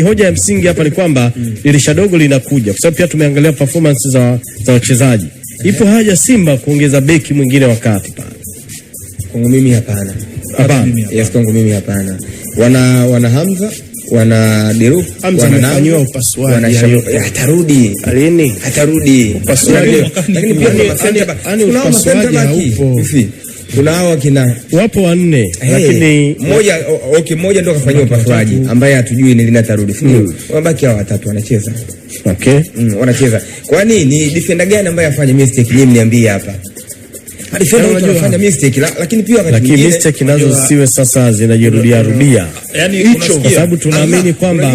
Hoja ya msingi hapa ni kwamba dirisha dogo linakuja, kwa sababu pia tumeangalia performance za, za wachezaji. Ipo haja Simba kuongeza beki mwingine wakati pale? Kwangu mimi hapana, hapana. Yes, kwangu mimi hapana. Wana wana Hamza wana Diru wanafanywa upasuaji, eh, atarudi lini? Atarudi upasuaji, lakini pia ni masenta hapa, kuna kuna hao kina wapo wanne hey, eh, lakini mmoja okay, mmoja ndio kafanyia upasuaji mm. ambaye hatujui ni lini atarudi. Mm. Wabaki hao watatu wanacheza. Okay. Mm, wanacheza. kwani ni defender gani ambaye afanye mistake? Niambie hapa lakini pia wakati mistake nazo siwe sasa zinajirudia rudia, yaani kwa sababu tunaamini kwamba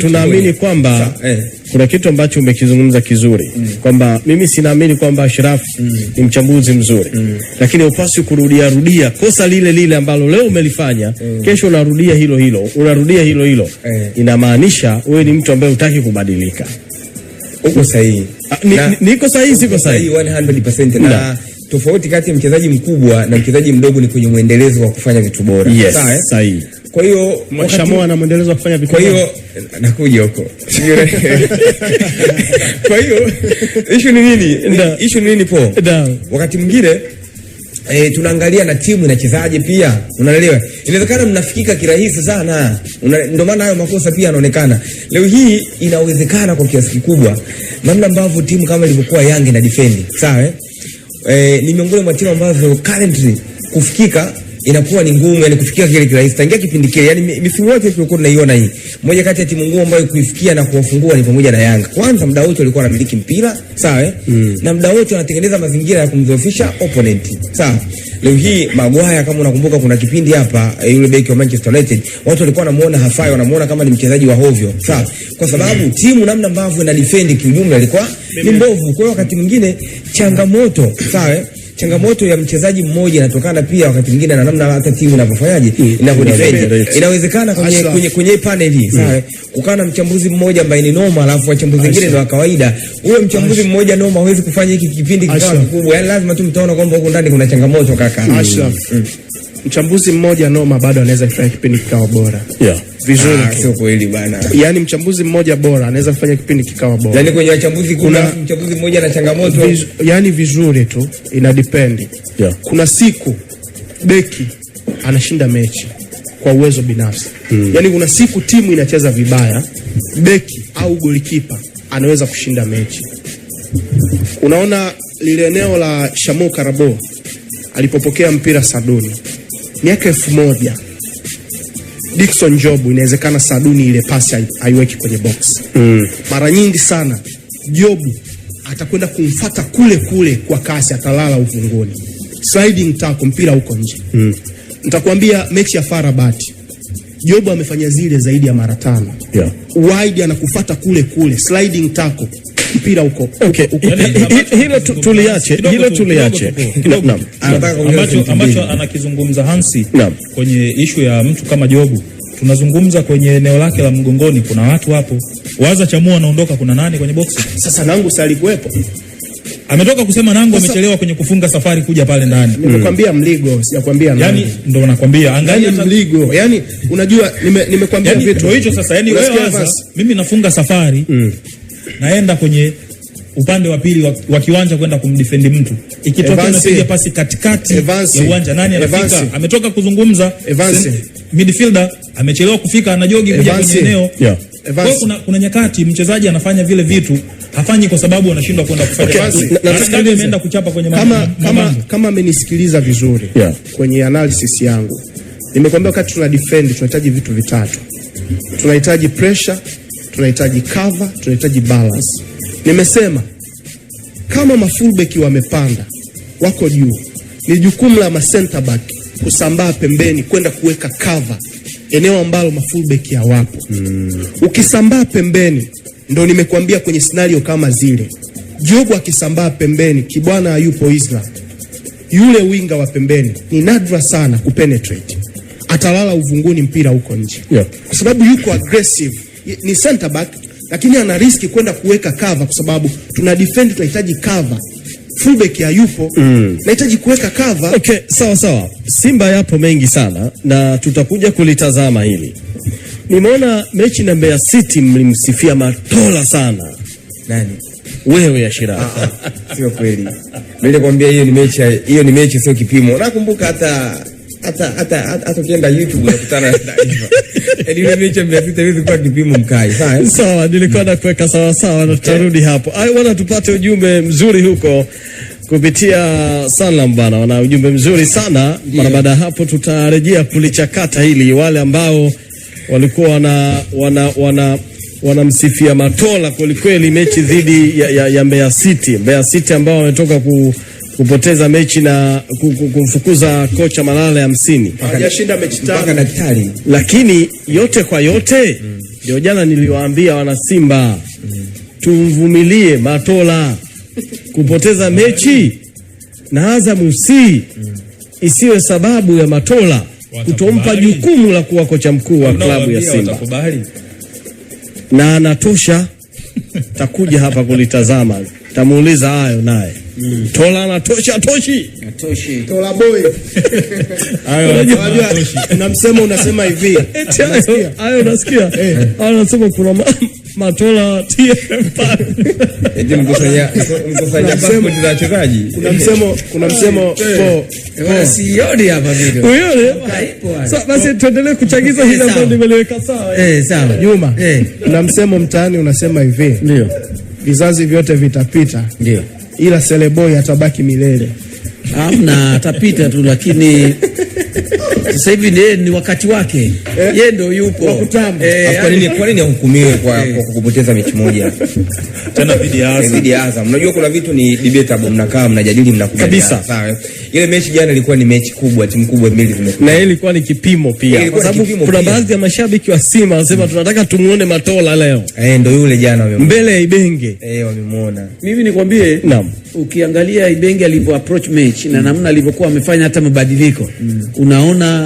tunaamini kwamba eh. kuna kitu ambacho umekizungumza kizuri mm. kwamba mimi sinaamini kwamba Ashraf mm. ni mchambuzi mzuri mm. lakini upasi kurudia rudia kosa lile lile ambalo leo umelifanya mm. kesho unarudia hilo hilo unarudia hilo hilo mm. inamaanisha wewe ni mtu ambaye hutaki kubadilika. Uko sahihi, ah, niko sahihi, siko sahihi 100% na, na tofauti kati ya mchezaji mkubwa na mchezaji mdogo ni kwenye mwendelezo wa kufanya vitu bora. Yes, sawa eh? sahihi. Kwa hiyo Shamoa na mwendelezo wa kufanya vitu. Kwa hiyo nakuja huko. Kwa hiyo issue ni nini? Issue ni nini po? Wakati mwingine eh, tunaangalia na timu inachezaje pia, unaelewa. Inawezekana mnafikika kirahisi sana, ndio maana hayo makosa pia yanaonekana. Leo hii inawezekana kwa kiasi kikubwa namna ambavyo timu kama ilivyokuwa Yanga na defend, sawa eh? eh, ni miongoni mwa timu ambazo currently kufikika inakuwa ni ngumu yani kufikia kile kirahisi. Tangia kipindi kile, yani misimu yote tulikuwa tunaiona hii. Moja kati ya timu ngumu ambayo kuifikia na kuwafungua ni pamoja na Yanga. Kwanza muda wote walikuwa wanamiliki mpira, sawa eh? Mm. Na muda wote wanatengeneza mazingira ya kumdhoofisha opponent. Sawa. Leo hii Magwaya, kama unakumbuka, kuna kipindi hapa eh, yule beki wa Manchester United watu walikuwa wanamuona hafai, wanamuona kama ni mchezaji wa hovyo, sawa, kwa sababu mm. timu namna ambavyo ina defend kiujumla ilikuwa ni mbovu. Kwa hiyo wakati mwingine changamoto, sawa eh changamoto ya mchezaji mmoja inatokana pia wakati mwingine na namna hata timu inavyofanyaje inavyodefend. Inawezekana kwenye kwenye kwenye panel hii mm. sawa, eh? kukaa na mchambuzi mmoja ambaye ni noma, alafu wachambuzi wengine ndio wa kawaida. Huyo mchambuzi mmoja noma hawezi kufanya hiki kipindi kikawa kikubwa, yani lazima tu mtaona kwamba huko ndani kuna changamoto kaka. Ashraf mm mchambuzi mmoja noma bado anaweza kufanya kipindi kikawa bora. Yeah. Vizuri ah, sio kweli bana yani mchambuzi mmoja bora anaweza kufanya kipindi kikawa bora. yani kwenye wachambuzi kuna, mchambuzi mmoja na changamoto. Viz, yani vizuri tu ina depend. Yeah. Kuna siku beki anashinda mechi kwa uwezo binafsi. hmm. yani kuna siku timu inacheza vibaya, beki au golikipa anaweza kushinda mechi. Unaona lile eneo la Shamu Karabo alipopokea mpira Saduni miaka elfu moja dikson Jobu, inawezekana Saduni ile pasi haiweki kwenye box mm. Mara nyingi sana Jobu atakwenda kumfata kule kule kwa kasi, atalala uvunguni, sliding tako mpira huko nje mm. Nitakwambia mechi ya Farabati Jobu amefanya zile zaidi ya mara tano yeah. Wide anakufata kule kule, sliding tako mpira huko. Okay, hilo tuliache, hilo tuliache. Ambacho ambacho anakizungumza Hansi kwenye ishu ya mtu kama Jobu tunazungumza kwenye eneo lake la mgongoni, kuna watu hapo. Waza Chamua anaondoka, kuna nani kwenye boxi? Sasa Nangu sali kuwepo, ametoka kusema Nangu amechelewa kwenye kufunga safari kuja pale ndani. Nimekwambia Mligo, sijakwambia yaani nani. Yani ndo nakwambia, angalia yani Mligo. Yani unajua, nimekwambia nime yaani vitu hicho. Sasa yani wewe, mimi nafunga safari mm naenda kwenye upande wa pili wa kiwanja kwenda kumdefend mtu, ikitokea anapiga pasi katikati ya uwanja, nani anafika? Ametoka kuzungumza Evansi, midfielder, amechelewa kufika, anajogi kuja kwenye eneo yeah. Kwa kuna, kuna nyakati mchezaji anafanya vile vitu hafanyi kwa sababu anashindwa kwenda kufanya okay. Ameenda kuchapa kwenye kama, kama, kama amenisikiliza vizuri yeah. Kwenye analysis yangu nimekwambia wakati tuna defend tunahitaji vitu vitatu, tunahitaji pressure tunahitaji cover, tunahitaji balance. Nimesema kama mafullback wamepanda wako juu, ni jukumu la masenta back kusambaa pembeni kwenda kuweka cover eneo ambalo mafullback hawapo. Mm. Ukisambaa pembeni ndo nimekuambia kwenye scenario kama zile. Jogo akisambaa pembeni, Kibwana hayupo Isla. Yule winga wa pembeni ni nadra sana kupenetrate. Atalala uvunguni mpira huko nje. Yeah. Kwa sababu yuko aggressive ni center back, lakini ana riski kwenda kuweka cover kwa sababu tuna defend, tunahitaji cover. Fullback hayupo, mm. nahitaji kuweka cover. Okay, sawa sawa. Simba yapo mengi sana na tutakuja kulitazama hili. Nimeona mechi na Mbeya City mlimsifia Matola sana. Nani? Wewe Ashira. Ah, ah. Sio kweli. Nilikwambia hiyo ni mechi, hiyo ni mechi sio kipimo. Nakumbuka hata hata hata hata ukienda YouTube unakutana na taarifa. Elimu mecha mia sita hizi kwa kipimo mkai. Sawa, nilikuwa na kuweka sawa sawa na tutarudi hapo. Ai wana tupate ujumbe mzuri huko kupitia Salam bana, wana ujumbe mzuri sana. Mara baada hapo tutarejea kulichakata hili wale ambao walikuwa wana wana wana wanamsifia Matola kwelikweli mechi dhidi ya, ya, ya Mbeya City. Mbeya City ambao wametoka ku kupoteza mechi na kumfukuza kocha Malala hamsini, hajashinda mechi tano daktari. Lakini yote kwa yote ndio mm. Jana niliwaambia wana Simba mm. tumvumilie Matola kupoteza mechi na Azamu si mm. isiwe sababu ya Matola kutompa jukumu la kuwa kocha mkuu wa klabu ya Simba na anatosha. Takuja hapa kulitazama, tamuuliza hayo naye. Mm. Tola na tosha toshi. Tola boy. Hayo unajua na msemo unasema hivi. Eh, ayo nasikia eh. ayo nasema kuna matola TFF. Eti eh, mkusanya mkusanya msemo za wachezaji. Kuna msemo kuna msemo po. Sioni hapa video. Unaona? Sasa basi tuendelee kuchagiza hili ambalo nimeliweka sawa. Eh, sawa. Juma. Kuna msemo mtaani unasema hivi. Ndio. Vizazi vyote vitapita. Ndio ila seleboi atabaki milele. amna atapita tu lakini Sasa hivi ni ni wakati wake, eh? yeye ndio yupo. Eh, kwa nini kwa nini ahukumiwe kwa eh. kupoteza mechi moja tena dhidi ya Azam? ya Azam Unajua kuna vitu ni debatable, mnakaa mnajadili, mnakubali kabisa. Ile mechi jana ilikuwa ni mechi kubwa, timu kubwa mbili zimekuwa na ilikuwa ni kipimo pia, kwa sababu kuna baadhi ya mashabiki wa Simba wanasema mm. tunataka tumuone Matola leo. Eh, ndio yule jana wamemwona mbele ya Ibenge. Eh, wamemuona Mimi nikwambie, naam, ukiangalia Ibenge alivyo approach mechi na namna alivyokuwa amefanya hata mabadiliko, mm. unaona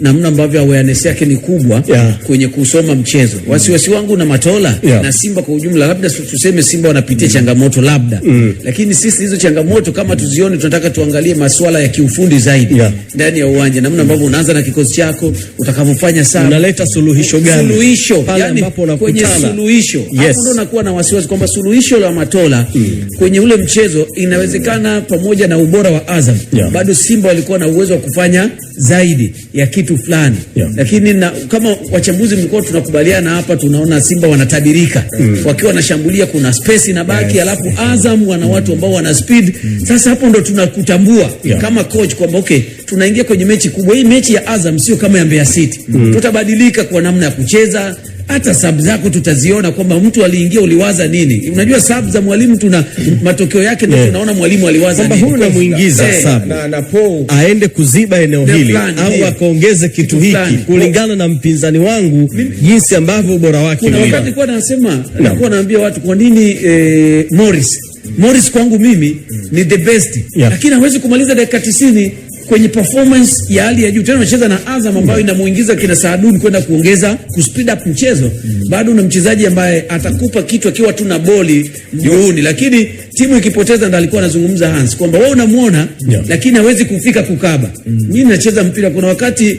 namna ambavyo awareness yake ni kubwa yeah. kwenye kusoma mchezo mm. wasiwasi wangu na Matola yeah. na Simba kwa ujumla, labda tuseme Simba wanapitia mm. changamoto labda mm. lakini sisi hizo changamoto kama tuzione, tunataka tuangalie masuala ya kiufundi zaidi ndani yeah. ya uwanja, namna ambavyo mm. unaanza na kikosi chako utakavyofanya sana, unaleta suluhisho gani, suluhisho yani kwenye suluhisho yes. hapo ndo nakuwa na wasiwasi kwamba suluhisho la Matola mm. kwenye ule mchezo inawezekana, pamoja na ubora wa Azam yeah. bado Simba walikuwa na uwezo wa kufanya zaidi ya kitu fulani yeah. Lakini na, kama wachambuzi mlikuwa tunakubaliana hapa, tunaona Simba wanatabirika mm. wakiwa wanashambulia kuna space na baki yes. Alafu Azam wana watu ambao wana speed mm. Sasa hapo ndo tunakutambua yeah. kama coach kwamba okay, tunaingia kwenye mechi kubwa hii. Mechi ya Azam sio kama ya Mbeya City mm. tutabadilika kwa namna ya kucheza hata sub zako tutaziona kwamba mtu aliingia uliwaza nini. Unajua sub za mwalimu tuna matokeo yake ndio yeah. Tunaona mwalimu aliwaza nini, huyu namuingiza eh, na, na aende kuziba eneo hili au akaongeze kitu hiki kulingana na mpinzani wangu jinsi ambavyo ubora wake. Kuna wakati kwa nasema nilikuwa naambia watu kwa nini eh, Morris Morris kwangu mimi mm. ni the best, lakini hawezi kumaliza dakika 90 kwenye performance ya hali ya juu, tena unacheza na Azam ambayo inamuingiza kina Saadun kwenda kuongeza ku speed up mchezo. Bado una mchezaji ambaye atakupa kitu akiwa tu na boli juuni lakini timu ikipoteza, ndo alikuwa anazungumza Hans kwamba wewe unamuona yeah, lakini hawezi kufika kukaba. Mimi mm. nacheza mpira, kuna wakati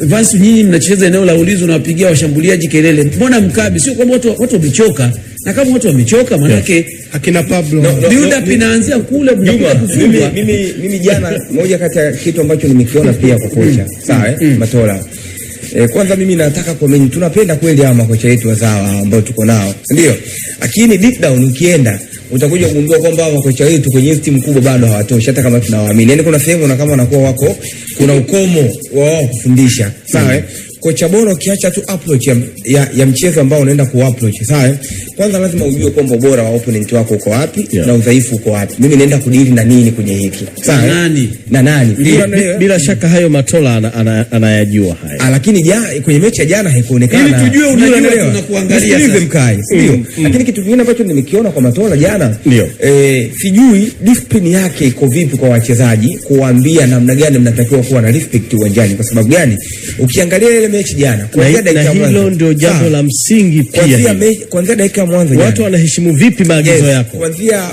Vansu, nyinyi mnacheza eneo la ulizo, nawapigia washambuliaji kelele, mbona mkabi? Sio kwamba watu watu wamechoka na kama watu wamechoka, manake maanake akina Pablo no, no, build up inaanzia kule. Mimi mimi mimi jana, moja kati ya kitu ambacho nimekiona pia kwa kocha mm. sawa, eh mm. Matola E, kwanza mimi nataka comment, tunapenda kweli hawa makocha wetu wazawa ambao tuko nao, ndio? Lakini deep down ukienda utakuja kugundua kwamba makocha wetu kwenye hizi timu kubwa bado hawatoshi, hata kama tunawaamini. Yani kuna sehemu na kama wanakuwa wako kuna ukomo wao kufundisha, sawa? mm. Eh? kocha bora ukiacha tu approach ya, ya, ya mchezo ambao unaenda ku approach sawa, eh? kwanza lazima ujue kwamba ubora wa opponent wako uko wapi yeah, na udhaifu uko wapi, mimi naenda kudili na nini kwenye hiki sawa, eh? na nani na nani bila, bila, bila shaka hayo Matola anayajua ana, ana haya ah, lakini ja, kwenye mechi ya jana haikuonekana, ili tujue unajua tunakuangalia sasa mkai ndio mm, mm, Lakini kitu kingine ambacho nimekiona kwa Matola jana ndio eh, sijui discipline yake iko vipi kwa wachezaji kuambia namna gani mnatakiwa kuwa na respect uwanjani, kwa sababu gani ukiangalia ile mechi jana, kuanzia dakika mwanzo. Hilo ndio jambo la msingi pia, kuanzia dakika ya mwanzo. Watu wanaheshimu vipi maagizo yako? Kuanzia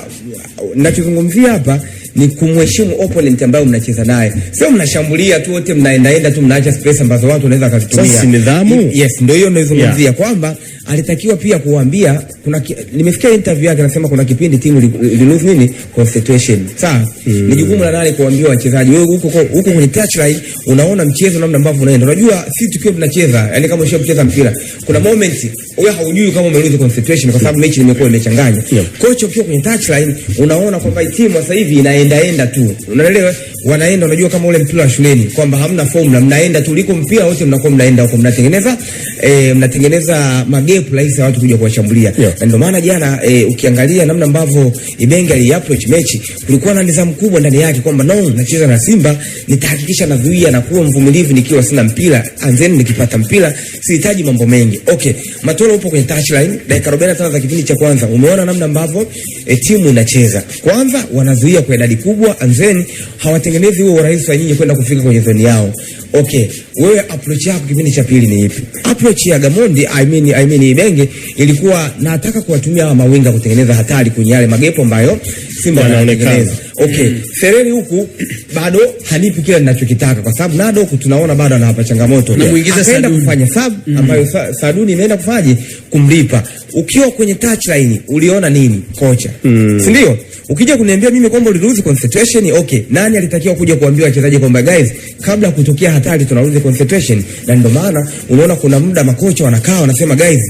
ninachozungumzia uh, hapa ni kumheshimu opponent ambaye mnacheza naye, sio mnashambulia tu wote mnaendaenda tu mnaacha space ambazo watu wanaweza kuzitumia. Sasa nidhamu, yes, ndio hiyo ninazungumzia yeah, kwamba alitakiwa pia kuambia kuna nimefikia interview yake anasema kuna kipindi timu li nini concentration. Sasa mm, ni jukumu la nani kuambia wachezaji, wewe huko huko kwenye touchline unaona mchezo namna ambavyo unaenda. Unajua sisi tukiwa tunacheza, yani kama kucheza mpira, kuna moment wewe haujui kama umeruhusu concentration kwa sababu mechi imekuwa imechanganya. Kocha ukiwa kwenye touchline unaona kwamba timu sasa hivi ina wanaenda enda tu, unaelewa, wanaenda. Unajua kama ule mpira wa shuleni kwamba hamna formula, mnaenda tu liko mpira wote, mnakuwa mnaenda huko, mnatengeneza e, mnatengeneza magepu rahisi ya watu kuja kuwashambulia yeah. Na ndio maana jana e, ukiangalia namna ambavyo ibenga ali approach mechi, kulikuwa na nidhamu kubwa ndani yake kwamba no, nacheza na Simba nitahakikisha na viwia na kuwa mvumilivu nikiwa sina mpira, anzeni nikipata mpira sihitaji mambo mengi. Okay, Matola upo kwenye touchline, dakika 45 za kipindi cha kwanza, umeona namna ambavyo e, timu inacheza. Kwanza wanazuia kwa idadi idadi kubwa, and then hawatengenezi huo urahisi wa nyinyi kwenda kufika kwenye zoni yao. Okay, wewe approach yako kipindi cha pili ni ipi? Approach ya Gamondi, I mean, I mean Ibenge ilikuwa nataka kuwatumia hawa mawinga kutengeneza hatari kwenye yale magepo ambayo Simba wanaonekana. Okay, mm. Sereni huku bado hanipi kile ninachokitaka kwa sababu nado huku tunaona bado anawapa changamoto. Na muingiza yeah. Saduni kufanya sub mm. ambayo sa, Saduni imeenda kufanya kumlipa. Ukiwa kwenye touchline uliona nini kocha? Mm. Si ndio? Ukija kuniambia mimi kwamba uliruhusu concentration, okay, nani alitakiwa kuja kuambia wachezaji kwamba guys, kabla ya kutokea hatari tunaruhusu concentration? Na ndio maana unaona kuna muda makocha wanakaa wanasema guys,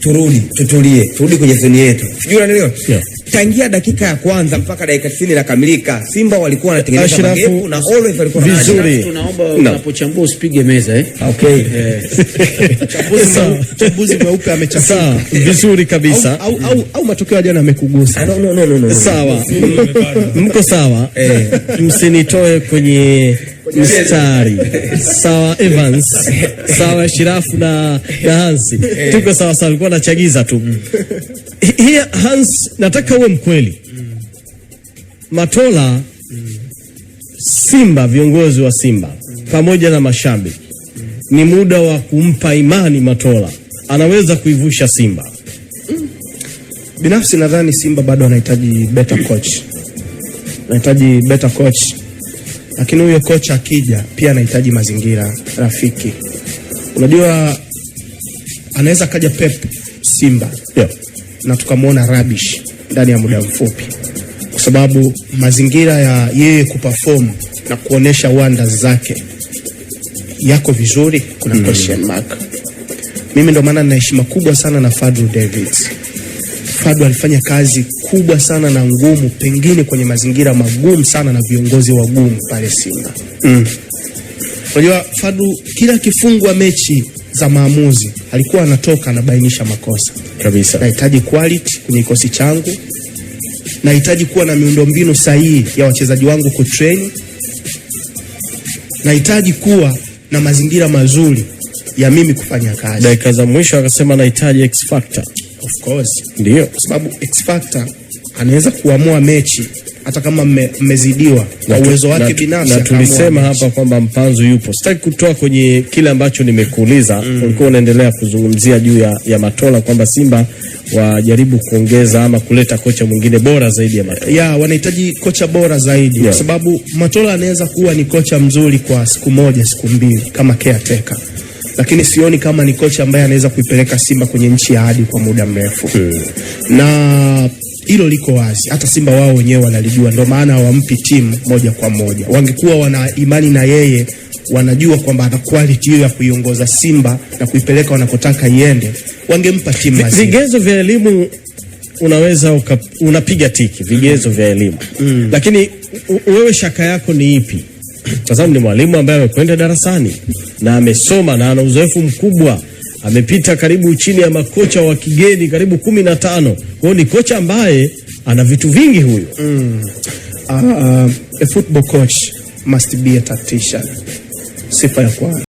turudi tutulie, turudi kwenye zoni yetu, sijui unanielewa? Yeah tangia dakika ya kwanza mpaka dakika 90 inakamilika, Simba walikuwa wanatengeneza magepu na always walikuwa vizuri. Tunaomba unapochambua usipige meza eh. Okay, eh. chambuzi mweupe amechafuka vizuri kabisa. Au au au matokeo ya jana yamekugusa? Ah, no no no no, sawa, mko sawa, eh? msinitoe kwenye mstari sawa, Evans sawa, Shirafu na na Hansi, eh. tuko sawa sawa, nilikuwa nachagiza tu. Here Hans, nataka uwe mkweli. Matola, Simba, viongozi wa Simba pamoja na mashabiki, ni muda wa kumpa imani Matola, anaweza kuivusha Simba. Binafsi nadhani Simba bado anahitaji better coach, anahitaji better coach, lakini huyo coach akija pia anahitaji mazingira rafiki. Unajua anaweza kaja Pep Simba, yeah na tukamwona rubbish ndani ya muda mfupi, kwa sababu mazingira ya yeye kuperform na kuonesha wanda zake yako vizuri, kuna mm. question mark. Mimi ndo maana nina heshima kubwa sana na fadu Davids. fadu alifanya kazi kubwa sana na ngumu, pengine kwenye mazingira magumu sana na viongozi wagumu pale Simba. Hmm. Unajua fadu kila kifungwa mechi za maamuzi alikuwa anatoka anabainisha makosa kabisa. Nahitaji quality kwenye kikosi changu, nahitaji kuwa na miundombinu sahihi ya wachezaji wangu kutreni, nahitaji kuwa na mazingira mazuri ya mimi kufanya kazi. Dakika za mwisho akasema nahitaji X factor. Of course, ndio kwa sababu X factor anaweza kuamua mechi hata kama mmezidiwa na uwezo wake binafsi. Na tulisema hapa kwamba Mpanzu yupo. Sitaki kutoa kwenye kile ambacho nimekuuliza, mm. Ulikuwa unaendelea kuzungumzia juu ya, ya Matola kwamba Simba wajaribu kuongeza ama kuleta kocha mwingine bora zaidi ya Matola. Ya, wanahitaji kocha bora zaidi yeah. Kwa sababu Matola anaweza kuwa ni kocha mzuri kwa siku moja siku mbili kama caretaker lakini sioni kama ni kocha ambaye anaweza kuipeleka Simba kwenye nchi ya hadi kwa muda mrefu hmm. Na hilo liko wazi, hata Simba wao wenyewe wanalijua, ndio maana hawampi timu moja kwa moja. Wangekuwa wana imani na yeye, wanajua kwamba ana quality hiyo ya kuiongoza Simba na kuipeleka wanakotaka iende, wangempa timu. Vigezo vya elimu unaweza uka, unapiga tiki vigezo vya elimu mm. lakini wewe shaka yako ni ipi? Kwa sababu ni mwalimu ambaye amekwenda darasani na amesoma na ana uzoefu mkubwa amepita karibu chini ya makocha wa kigeni karibu kumi na tano. Kwao ni kocha ambaye ana vitu vingi huyo. Mm. Uh, uh, a football coach must be a tactician. Sifa ya kwanza.